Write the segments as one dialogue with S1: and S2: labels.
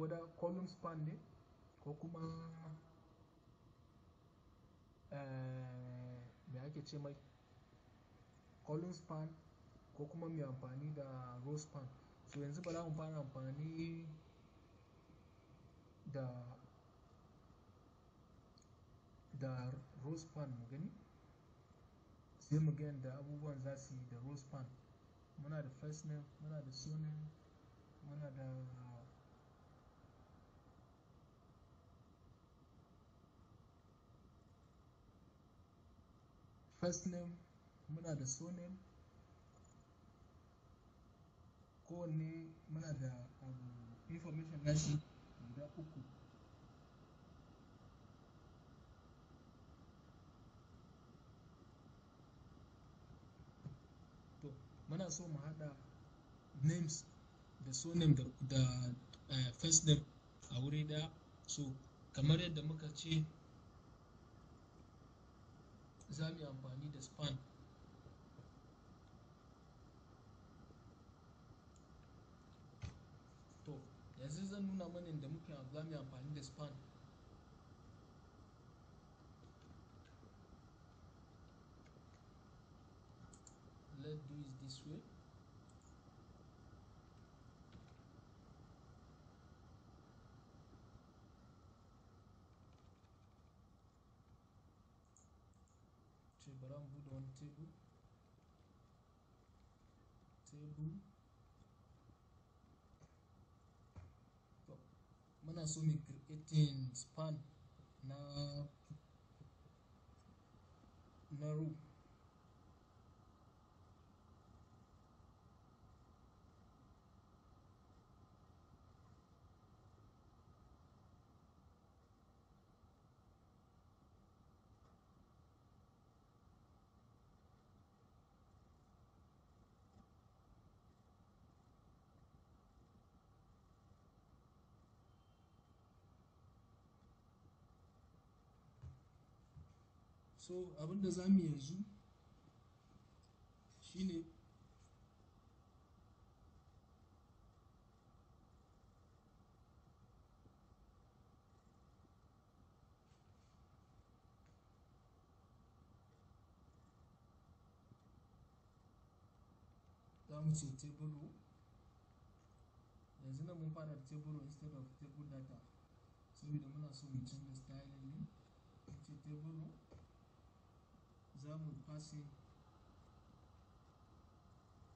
S1: ko da column span ne ko kuma eh, me ake ce mai column span ko kuma mai amfani da row span so yanzu ba za mu fara amfani da da row span mu gani sai mu ga yadda abubuwan za su yi da row span muna da first name muna da surname muna da first name muna da surname ne muna da abu information gashi guda uku to muna so mu hada names da surname da, da eh, first name a wuri daya so kamar yadda muka ce za mu yi amfani da span to yanzu zan nuna mana da muke za mu yi amfani da span let's do it this way ce bari in bude wani tebur muna so mu creating span na na so abinda za mu yanzu shine za mu ce table yanzu nan mun fara da table instead of table data saboda muna so mu canza style ne Table passing.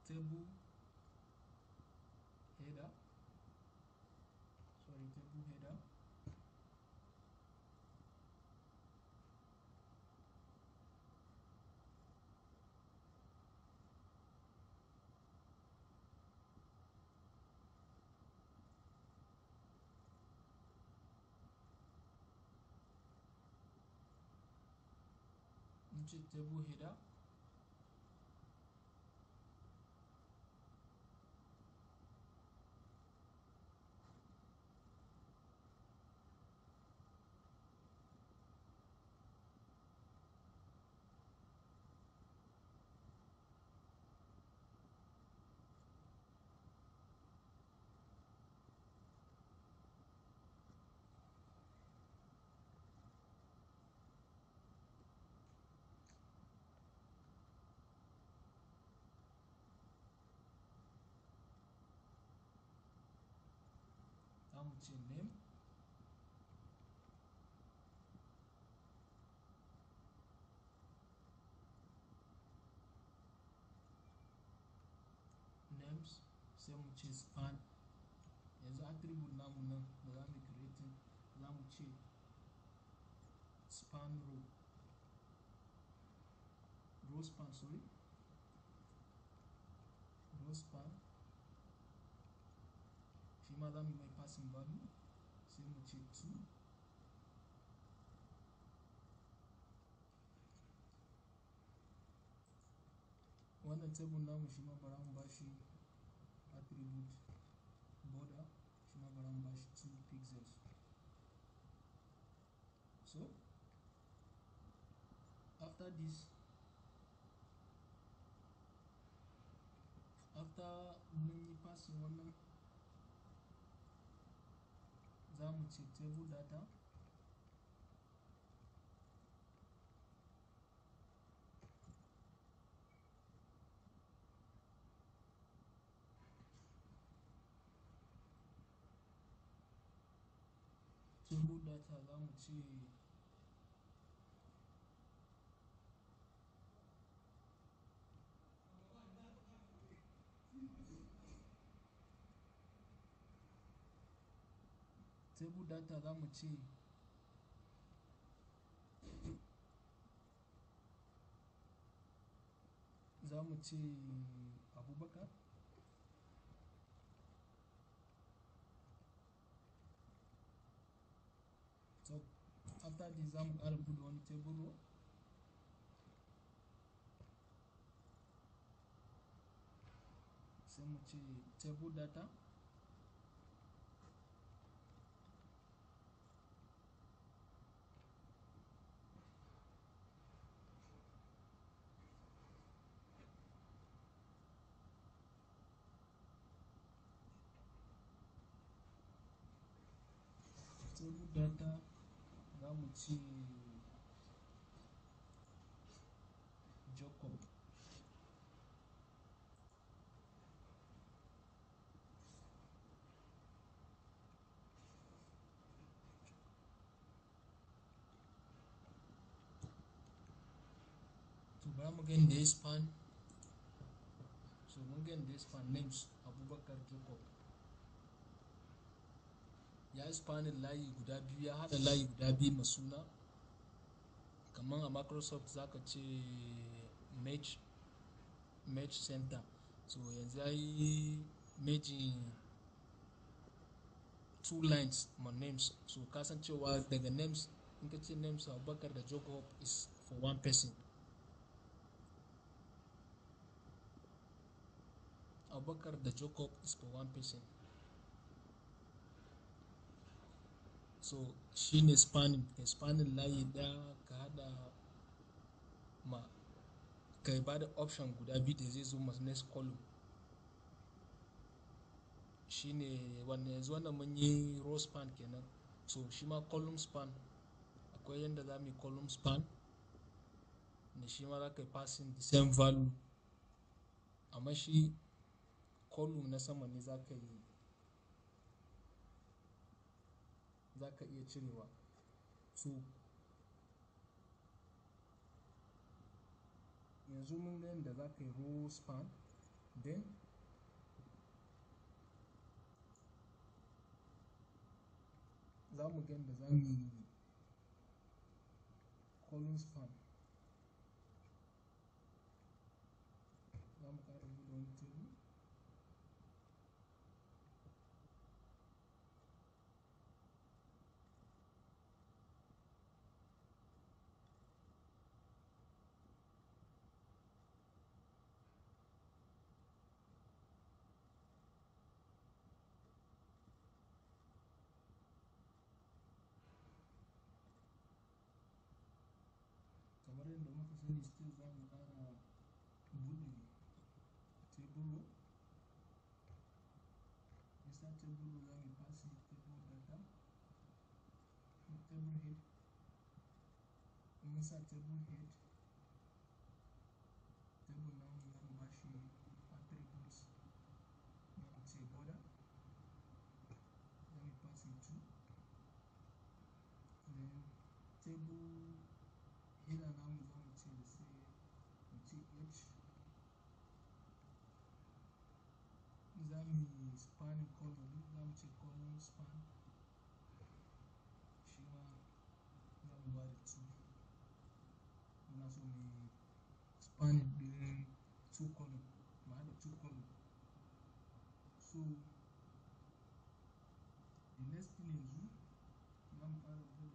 S1: Table header. مسجد تبو Mutinlim names sai mu ce span yanzu attribute namu nan da za mu creating za mu span row row span sorry row span Female alarm is my passing value. Same with check 2. wannan table namu shi ma bara mu bashi attribute border shi ma bara mu bashi 2 pixels so after this after mun yi passing wannan za mu ce table data table data za mu ce sai stable data za mu ce za mu ce abubakar so after this za mu kara buɗe wani table sai mu ce table data data vamos Jacob so vamos ganhar this pan so vamos ganhar 10 pan names Abubakar Jacob ya yi spanin layi guda biyu ya haɗa layi guda biyu ma suna kamar a microsoft za ka ce match match center so yanzu ya yi matching two lines ma names so kasancewa daga names in ka ce names abubakar da jacob is for one person abubakar da jacob is for one person so shi ne spanning spanning layi ɗaya ka hada ma yi ba da option guda biyu da zai zo masu next column ne wanda yanzu wannan mun yi row span kenan so shi ma column span akwai yadda za mu yi column span da shi ma za ka yi passing the same value amma shi column na sama ne za ka yi za ka iya cirewa su yanzu mun ga yadda za ka yi row span then za mu ga yadda za mu yi column span Lakini still zama kara bune table isa table zangi pasi table data table head nisa table head table now zangi bashi attributes zangi Table border zangi pasi two then table TH is that the span in that which is column span shima that divided two and that's only span being two column my other two column so the next thing is you now add the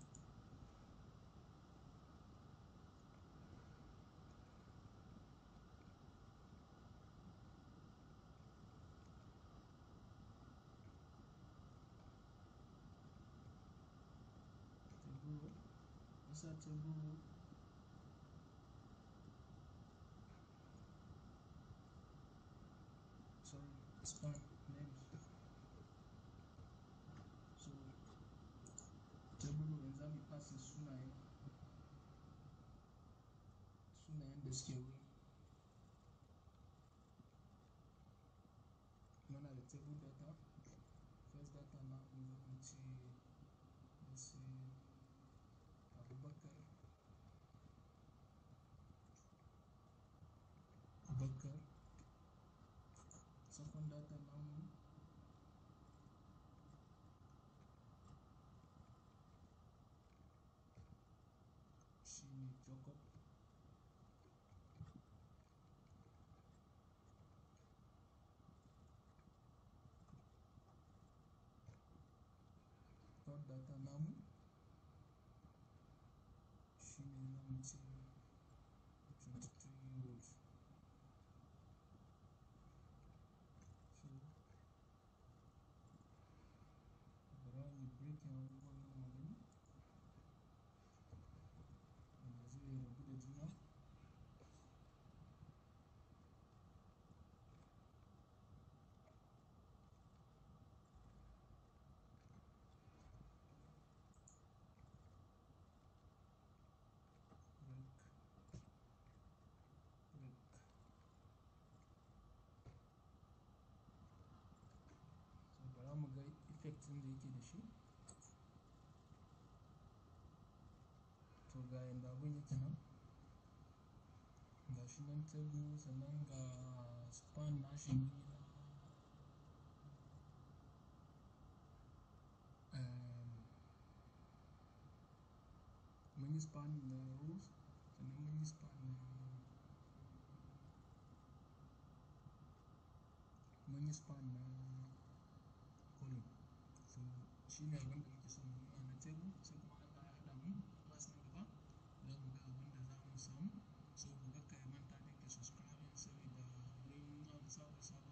S1: certainement so it's not named so tabulu wenzangu ipase sunaye sunayen da suke wuri a table data first data on mu zama ce Abubakar Abubakar sakon data namu shine Jacob data namu Thanks. region to ga yadda abin yake nan ga shi nan table span span na rules span na span na to shi ne abin da muke so mu nuna na table sai kuma Allah ya haɗa mu class na gaba za mu ga abin da za mu samu so ku ga ka manta da ke subscribing saboda mun za mu saba sabo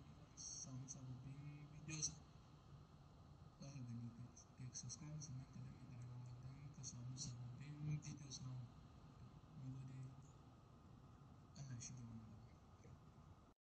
S1: samu sababbin videos za ka gani ka subscribe sannan ka danna ƙararrawa don ka samu sababbin videos na mu. gode Allah shi da wani